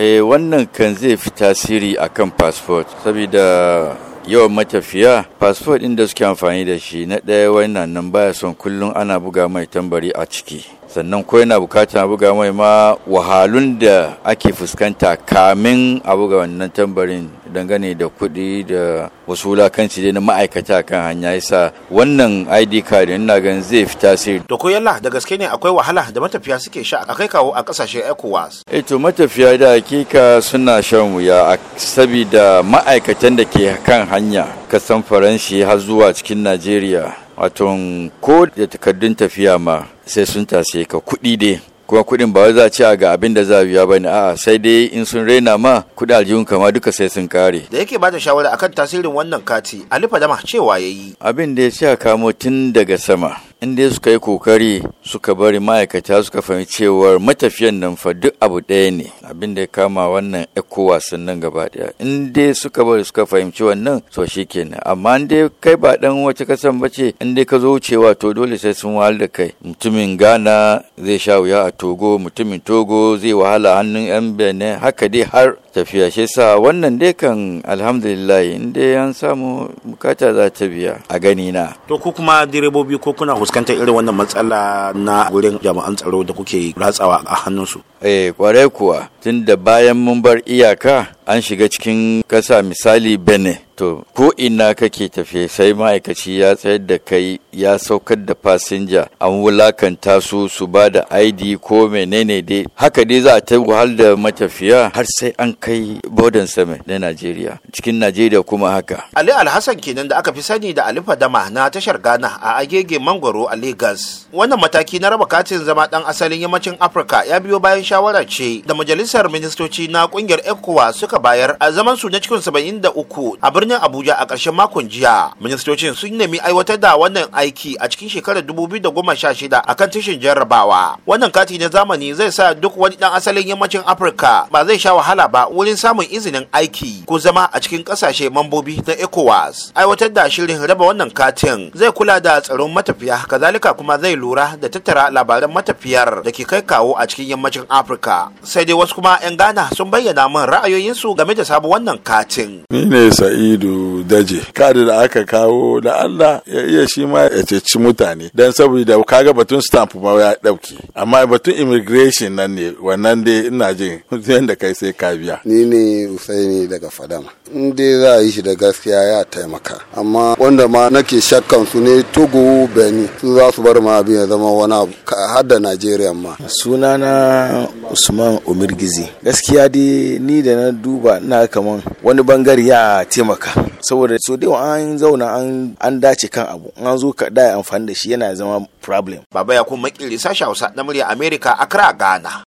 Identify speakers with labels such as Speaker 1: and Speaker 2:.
Speaker 1: eh wannan kan zai fi tasiri a kan passport saboda yawan matafiya passport ɗin da suke amfani da shi na ɗaya wannan nan baya son kullum ana buga mai tambari a ciki sannan ko yana bukatar buga mai ma wahalun da ake fuskanta kamin a buga wannan tambarin dangane da kuɗi da wasu wulakanci dai na ma'aikata kan hanya yasa wannan ID card ina ganin zai fi tasiri.
Speaker 2: da ko yalla da gaske ne akwai wahala da matafiya suke sha a kai kawo a kasashen ECOWAS.
Speaker 1: eto eh matafiya da hakika suna shan wuya a sabida ma'aikatan da ke kan hanya kasan Faranshi har zuwa cikin Najeriya. Wato ko da takardun tafiya ma sai sun tase ka kuɗi dai kuma kuɗin ba za a a ga abin da za a biya bane a'a sai dai in sun raina ma kuɗin aljihun kama duka sai sun kare
Speaker 2: da yake bada shawara akan tasirin wannan kati Ali Fadama cewa yayi
Speaker 1: abin da ya ce kamo tun daga sama in dai suka yi kokari suka bari ma'aikata suka fahimci cewar matafiyan nan fa duk abu ɗaya ne abin da ya kama wannan wasan nan gaba ɗaya in dai suka bari suka fahimci wannan to kenan amma in dai kai ba dan wace kasan ce in dai ka zo wucewa to dole sai sun wahal da kai mutumin ghana zai sha wuya a togo mutumin togo zai wahala hannun yan bene, haka dai har tafiya shi sa wannan dai kan alhamdulillah
Speaker 2: inda an samu
Speaker 1: bukata za ta biya a gani na
Speaker 2: to ku kuma direbobi ko kuna fuskantar irin wannan matsala na wurin jami'an tsaro da kuke ratsawa a hannunsu
Speaker 1: eh kwarai kuwa tun da bayan mun bar iyaka an shiga cikin ƙasa misali Benin. To, ko ina kake tafiye sai ma'aikaci ya tsayar da kai ya saukar da fasinja an wulakanta su su ba da ID ko menene dai. Haka dai za a ta wahal da matafiya har sai an kai bodan sama na Najeriya. Cikin Najeriya kuma haka.
Speaker 2: Ali Alhassan kenan da aka fi sani da Alifa Dama na tashar Ghana a Agege Mangoro a Legas. Wannan mataki na raba katin zama dan asalin yammacin Afirka ya biyo bayan shawara ce da majalisar ministoci na kungiyar ECOWAS suka bayar a zaman su na cikin 73 a birnin Abuja a ƙarshen makon jiya. Ministocin sun nemi aiwatar da wannan aiki a cikin shekarar 2016 kan tashin jarrabawa. Wannan kati na zamani zai sa duk wani dan asalin yammacin Afirka ba zai sha wahala ba wurin samun izinin aiki ko zama a cikin ƙasashe mambobi na ECOWAS. Aiwatar da shirin raba wannan katin zai kula da tsaron matafiya kazalika kuma zai lura da tattara labaran matafiyar da ke kai kawo a cikin yammacin Afirka. Sai dai wasu kuma 'yan Ghana sun bayyana min ra'ayoyinsu su game da sabu wannan katin. Ni ne Sa'idu Daje. Kadi da aka kawo da Allah ya iya shi ma ya ceci mutane. Dan saboda kaga batun stamp ma ya dauki. Amma batun immigration nan ne wannan dai ina jin da kai sai ka biya. Ni ne Usaini daga Fadama. in dai za a yi shi da gaskiya ya taimaka amma wanda ma nake shakkan su ne togo beni su za su bar ma abin ya zama wani abu har da najeriya ma sunana usman umirgizi gaskiya dai ni da na duba ina kamar wani bangare ya taimaka saboda so dai an zauna an dace kan abu an zo ka da amfani da shi yana zama problem baba ya kuma makili sashi hausa na murya america accra ghana